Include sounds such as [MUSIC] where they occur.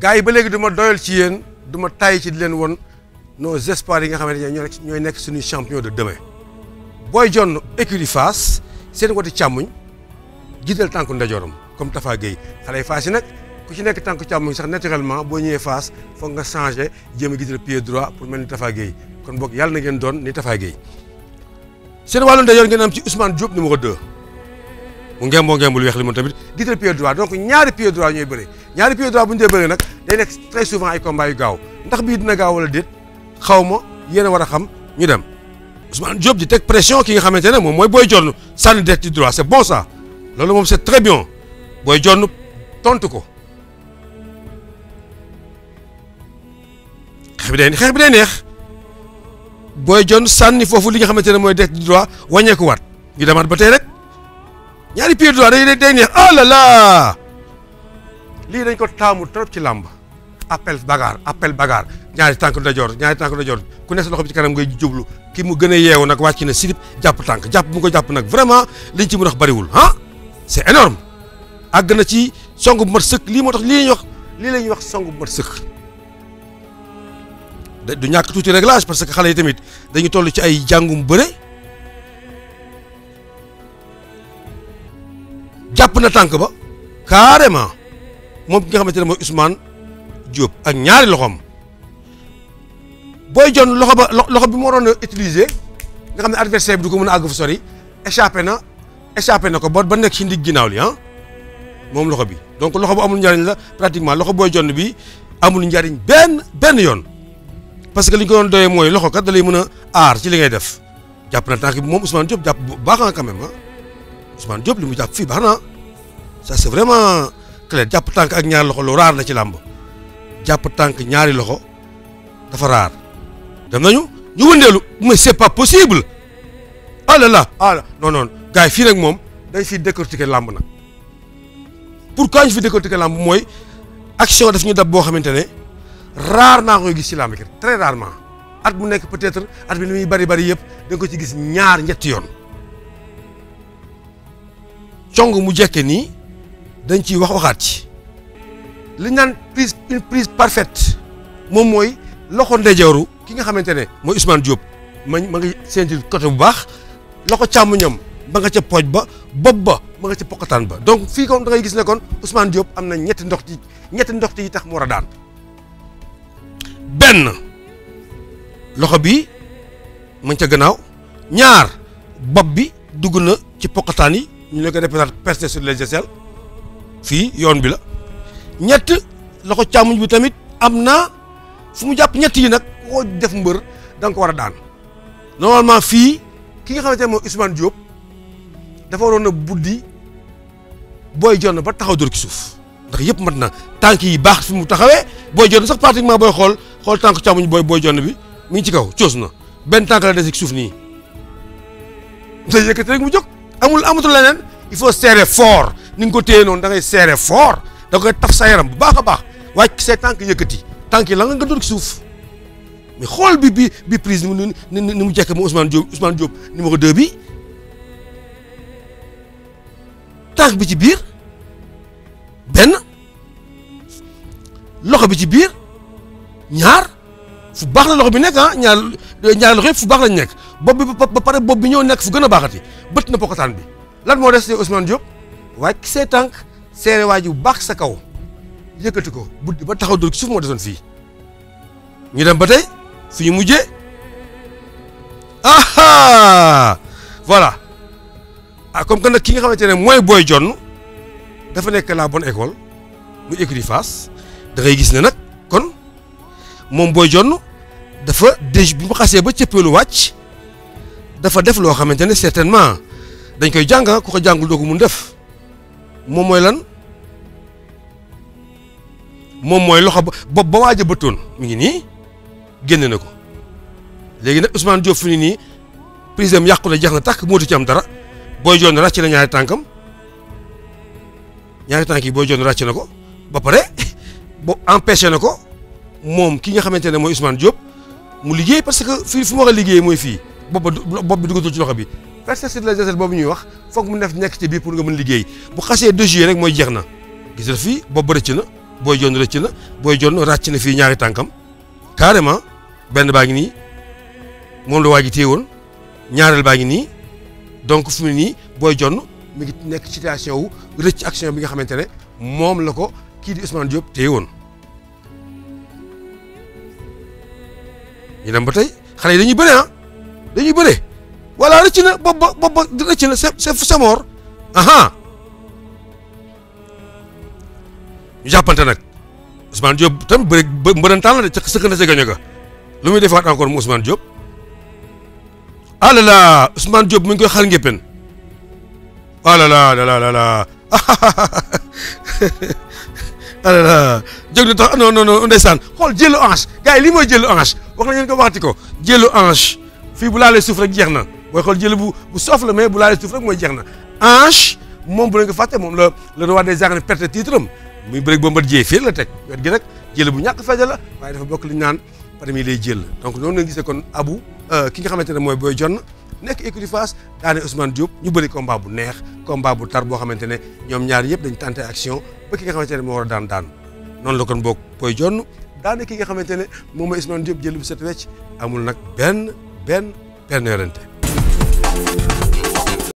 gars yi ba léegi du ma doyal ci yéen du ma tàyyi ci di leen won nos espoirs yi nga xamante ne ñooy nekk suñuy champion de demain Boy Dione écurie Fass seen wati càmmuñ jiital tànku ndajooram comme Tafa Gueye xale yi Fass yi nag ku ci nekk tànku càmmuñ sax naturellement boo ñëwee faas foog nga changé jéem a jiital pour mel ni Tafa Gueye kon boog yàlla na ngeen doon ni Tafa Gueye seen wàllu ndajoor ngeen am ci Ousmane Diop numéro 2. mu ngem boo ngem bul weex li moom tamit jiital pied droit donc ñaari pied droit ñooy bëre ñaari pied droit bu ñu dee bëree nag day nekk très souvent ay combat yu gaaw ndax bii dina gaaw wala déet xaw ma yéen war a xam ñu dem Ousmane Diop di teg pression ki nga xamante ne moom mooy booy Diorno sànni det ci droit c'est bon moom c'est très bien Boy Diorno tontu ko xeex bi day neex Boy Diorno sànni foofu li nga xamante ne mooy det ci droit wàññeekuwaat ñu demaat ba tey rek ñaari pieds droits day day neex ah oh là là lii dañ ko taamu trop ci làmb appel bagarre appel bagarre ñaari tànk ndajoor ñaari tànk ndajoor ku nekk sa loxo bi ci kanam ngay jublu ki mu gën a yeewu nag wàcc na silip jàpp tànk jàpp mu ko jàpp nag vraiment ci mën a bariwul ah c'est énorme àgg na ci song bu lii moo tax ñuy wax lii la wax song bu mat du ñàkk tuuti réglage parce que xale yi tamit dañu toll ci ay jàngum bëre na tànk ba carrément moom ki nga xamante ne mooy Ousmane Diop ak ñaari loxoom booy jon loxo ba loxo bi mu waroon a utiliser nga xam ne adversaire bi du ko mën a àgg fu sori échappé na échappé na ko ba ba nekk ci ndig ginnaaw li ah, moom loxo bi donc loxo bu amul njariñ la pratiquement loxo booy jon bi amul njariñ benn benn yoon parce que li ñu ko doon doyee mooy loxo kat da lay mën a aar ci li ngay def jàpp na tànk bi moom Ousmane Diop jàpp bu baax ah, quand même ah li mu jàpp fii baax na ça c'est vraiment clair jàpp tànk ak ñaari loxo loo raar na ci làmb jàpp tànk ñaari loxo dafa raar dem nañu ñu wëndeelu mais c'est pas possible ah là là ah là non non gars yi fii nag moom dañ fi décortiquer làmb nag pourquoi ñu fi décortiquer làmb mooy action daf ñu dab boo xamante ne raar naa koy gis ci làmb ki très rarement at mu nekk peut-être at bi li bari bari yëpp da nga ko ci gis ñaar ñetti yoon cong mu jekke nii dañ ciy wax waxaat ci li naan prise une prise parfaite moom mooy loxo ndeyjooru ki nga xamante ne mooy Ousmane Diop ma ma ngi séntu côté bu baax loxo càmmuñam ba nga ca pooj ba bopp ba ma nga ca pokataan ba donc fii ko da ngay gis ne kon Ousmane Diop am na ñetti ndox ci ñetti ndox yi tax mu war a daan benn loxo bi ma ca gannaaw ñaar bopp bi dugg na ci pokataan yi ñu ne ko répété peste sur les aisselles. fii yoon bi la ñett loxo càmmuñ bi tamit am na fu mu jàpp ñett yi nag koo def mbër danga ko war a daan normalement fii ki nga xamante ne moom Ousmane Diop dafa waroon a buddi booy jonn ba taxaw dóor ci suuf ndax yëpp mat na tànk yi baax fi mu taxawee booy jonn sax pratiquement booy xool xool tànk càmmuñ booy booy jonn bi mu ngi ci kaw coos na benn tànk la des ci suuf nii. te yëkkati rek mu jóg amul amatul leneen il faut serrer foor ni nga ko téye noonu da ngay serré fort da koy taf sa yaram bu baax a baax wàcc say tànk ti tànk yi la nga nga doon suuf mais xool bi bi bi prise ni mu ni mu jekk mu Ousmane Diop Ousmane Diop ko 2 bi tànk bi ci biir benn loxo bi ci biir ñaar fu baax la loxo bi nekk ah ñaar ñaar loxo yëpp fu baax lañ nekk bopp bi ba pare bopp bi ñëw nekk fu gën a baaxati bët na pokotaan bi lan moo des Ousmane Diop wàcc say tànk seere waaj bu baax sa kaw yëkkati ko buddi ba taxaw dul suuf moo desoon fii ñu dem ba tey fu ñu mujjee aha voilà ah comme que nag ki nga xamante ne mooy booy jonn dafa nekk la bonne école mu écurie Fass da gis ne nag kon moom booy jon dafa déj bu mu xasee ba cëppeelu wàcc dafa def loo xamante ne certainement dañ koy jàng ku ko jàngul doo ko mun def moom mooy lan moom mooy loxo ba bopp ba waaj a bëtoon mi ngi nii génne na ko léegi nag Ousmane Diop fi ni nii prise am yàqu na jeex na tàkk mootu ci am dara booy joon racce na ñaari tànkam ñaari tànk yi booy joon racce na ko ba pare [LAUGHS] bo empêché na ko moom ki nga xamante ne mooy Ousmane Diop mu liggéey parce que fii fu mu war a liggéey mooy fii bopp bopp bi dugatul ci loxo bi perception de la giselle boobu ñuy wax foog mu def nekk ci biir pour nga mun liggéey bu xasee deux jours rek mooy jeex na gisal fii bopp rëcc na booy jonn rëcc na booy jonn ràcc na fii ñaari tànkam carrément benn baa ngi nii moom la waa ji woon ñaareel baa ngi nii donc fu mu nii booy jonn mi ngi nekk situation wu rëcc action bi nga xamante ne moom la ko kii di Ousmane Diop téye woon ñu dem ba tey xale yi dañuy bëre ah dañuy bëre voilà rëcc na bopp ba bopp ba rëcc na c'est c'est mort aha ñu jàppante nag Ousmane Diop tam bëri mbërëntaan de ca sëkk gaño ga lu muy defaat encore mu Ousmane Diop ah là là Ousmane Diop mu ngi koy xar ngéppen ah là là là là là [LAUGHS] ah là là ange gars yi lii mooy jëlu ange wax ko waxati ko ange fii bu laalee suuf rek jeex na booy xool jël bu bu soof la mais bu laalee suuf rek mooy jeex na Ange moom bu leen ko fàtte moom la le roi des arènes perte titre am muy bëreeg Bombardier fii la teg wet gi nag jël bu ñàkk fayda la waaye dafa bokk li ñu naan parmi les jël donc noonu la gisee kon abu euh, ki nga xamante ne mooy Boy John nekk écurie Fass daane Ousmane Diop ñu bëri combat bu neex combat bu tar boo xamante ne ñoom ñaar yëpp dañ tenté action ba ki nga xamante ne moo war a daan daan noonu la kon bokk Boy John daane ki nga xamante ne moom mooy Ousmane Diop jël bu set wecc amul nag benn benn benn yorante